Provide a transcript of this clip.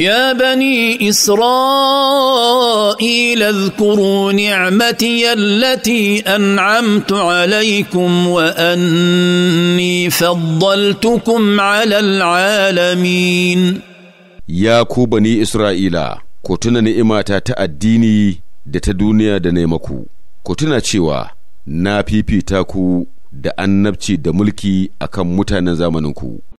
يا بني اسرائيل اذكروا نعمتي التي انعمت عليكم واني فضلتكم على العالمين يا ku bani isra'ila ku tuna ni'imata ta addini da ta duniya da ne maku ku tuna cewa na fifita ku da annabci da mulki akan mutanen zamaninku